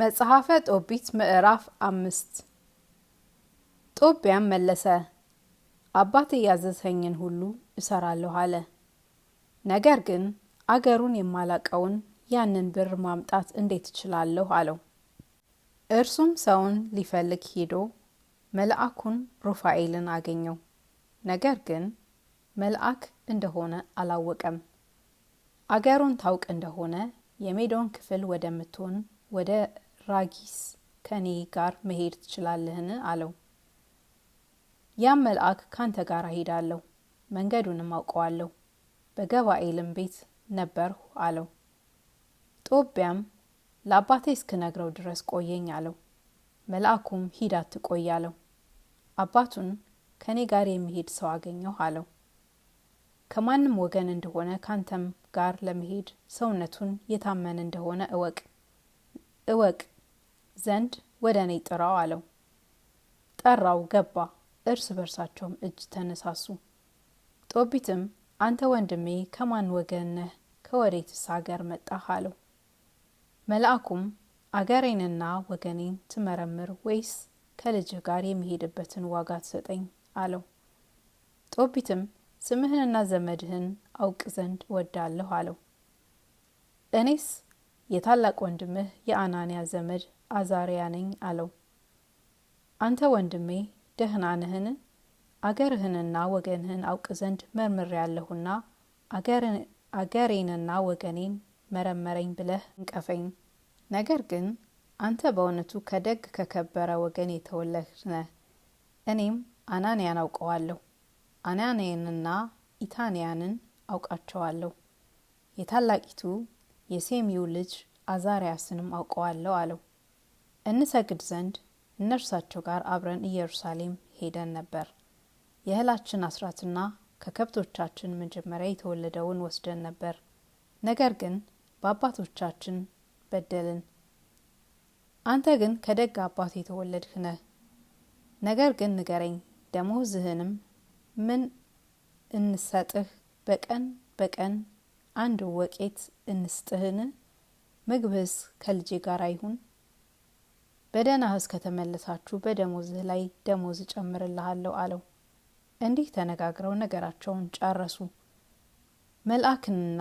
መጽሐፈ ጦቢት ምዕራፍ አምስት ጦቢያም መለሰ አባት ያዘዝኸኝን ሁሉ እሰራለሁ አለ። ነገር ግን አገሩን የማላቀውን ያንን ብር ማምጣት እንዴት እችላለሁ አለው። እርሱም ሰውን ሊፈልግ ሄዶ መልአኩን ሩፋኤልን አገኘው። ነገር ግን መልአክ እንደሆነ አላወቀም። አገሩን ታውቅ እንደሆነ የሜዶን ክፍል ወደምትሆን ወደ ራጊስ ከኔ ጋር መሄድ ትችላለህን? አለው። ያም መልአክ ካንተ ጋር እሄዳለሁ፣ መንገዱንም አውቀዋለሁ፣ በገባኤልም ቤት ነበርሁ አለው። ጦቢያም ለአባቴ እስክነግረው ድረስ ቆየኝ አለው። መልአኩም ሂድ አትቆይ አለው። አባቱን ከኔ ጋር የሚሄድ ሰው አገኘሁ አለው። ከማንም ወገን እንደሆነ ካንተም ጋር ለመሄድ ሰውነቱን የታመነ እንደሆነ እወቅ እወቅ ዘንድ ወደ እኔ ጥራው አለው። ጠራው፣ ገባ። እርስ በርሳቸውም እጅ ተነሳሱ። ጦቢትም አንተ ወንድሜ ከማን ወገን ነህ? ከወዴትስ አገር መጣህ? አለው። መልአኩም አገሬንና ወገኔን ትመረምር ወይስ ከልጅህ ጋር የሚሄድበትን ዋጋ ትሰጠኝ? አለው። ጦቢትም ስምህንና ዘመድህን አውቅ ዘንድ እወዳለሁ አለው። እኔስ የታላቅ ወንድምህ የአናንያ ዘመድ አዛሪያ ነኝ አለው። አንተ ወንድሜ ደህና ነህን? አገርህንና ወገንህን አውቅ ዘንድ መርምር ያለሁና አገሬንና ወገኔን መረመረኝ ብለህ እንቀፈኝ። ነገር ግን አንተ በእውነቱ ከደግ ከከበረ ወገን የተወለህ ነህ። እኔም አናንያን አውቀዋለሁ፣ አናንያንና ኢታንያንን አውቃቸዋለሁ የታላቂቱ የሴሚው ልጅ አዛርያስንም አውቀዋለሁ አለው። እንሰግድ ዘንድ እነርሳቸው ጋር አብረን ኢየሩሳሌም ሄደን ነበር። የእህላችን አስራትና ከከብቶቻችን መጀመሪያ የተወለደውን ወስደን ነበር። ነገር ግን በአባቶቻችን በደልን። አንተ ግን ከደግ አባት የተወለድህ ነህ። ነገር ግን ንገረኝ፣ ደሞዝህንም ምን እንሰጥህ? በቀን በቀን አንድ ወቄት እንስጥህን? ምግብስ ከልጄ ጋር አይሁን? በደህናህስ ከተመለሳችሁ በደሞዝህ ላይ ደሞዝ እጨምርልሃለሁ አለው። እንዲህ ተነጋግረው ነገራቸውን ጨረሱ። መልአክንና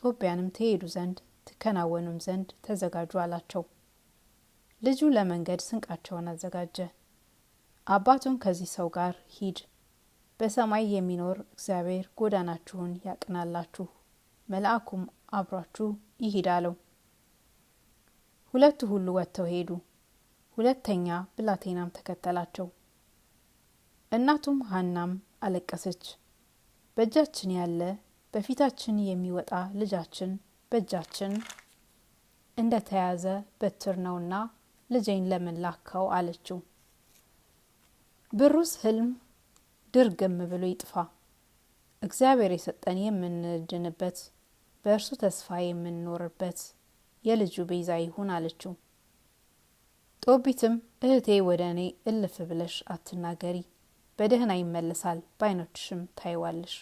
ጦቢያንም ትሄዱ ዘንድ ትከናወኑም ዘንድ ተዘጋጁ አላቸው። ልጁ ለመንገድ ስንቃቸውን አዘጋጀ። አባቱን ከዚህ ሰው ጋር ሂድ፣ በሰማይ የሚኖር እግዚአብሔር ጎዳናችሁን ያቅናላችሁ መልአኩም አብሯችሁ ይሂድ ሁለቱ ሁሉ ወጥተው ሄዱ። ሁለተኛ ብላቴናም ተከተላቸው። እናቱም ሀናም አለቀሰች። በእጃችን ያለ በፊታችን የሚወጣ ልጃችን በእጃችን እንደ ተያዘ በትር ነውና ልጄን ለምን ላከው አለችው። ብሩስ ህልም ድርግም ብሎ ይጥፋ እግዚአብሔር የሰጠን የምንድንበት በእርሱ ተስፋ የምንኖርበት የልጁ ቤዛ ይሁን አለችው። ጦቢትም እህቴ ወደ እኔ እልፍ ብለሽ አትናገሪ፣ በደህና ይመለሳል፣ በዓይኖችሽም ታይዋለሽ።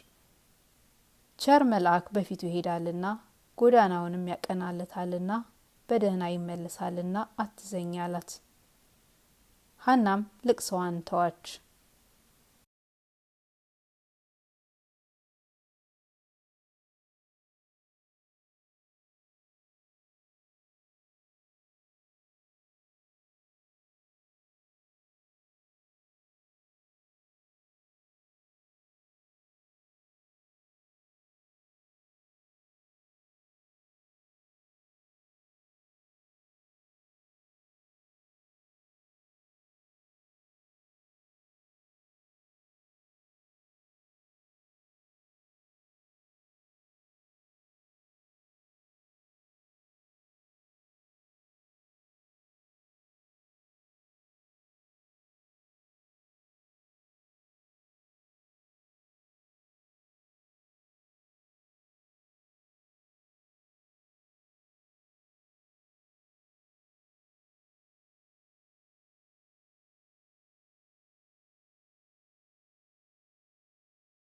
ቸር መልአክ በፊቱ ይሄዳልና ጎዳናውንም ያቀናለታልና በደህና ይመለሳልና አትዘኝ አላት። ሀናም ልቅሰዋን ተዋች።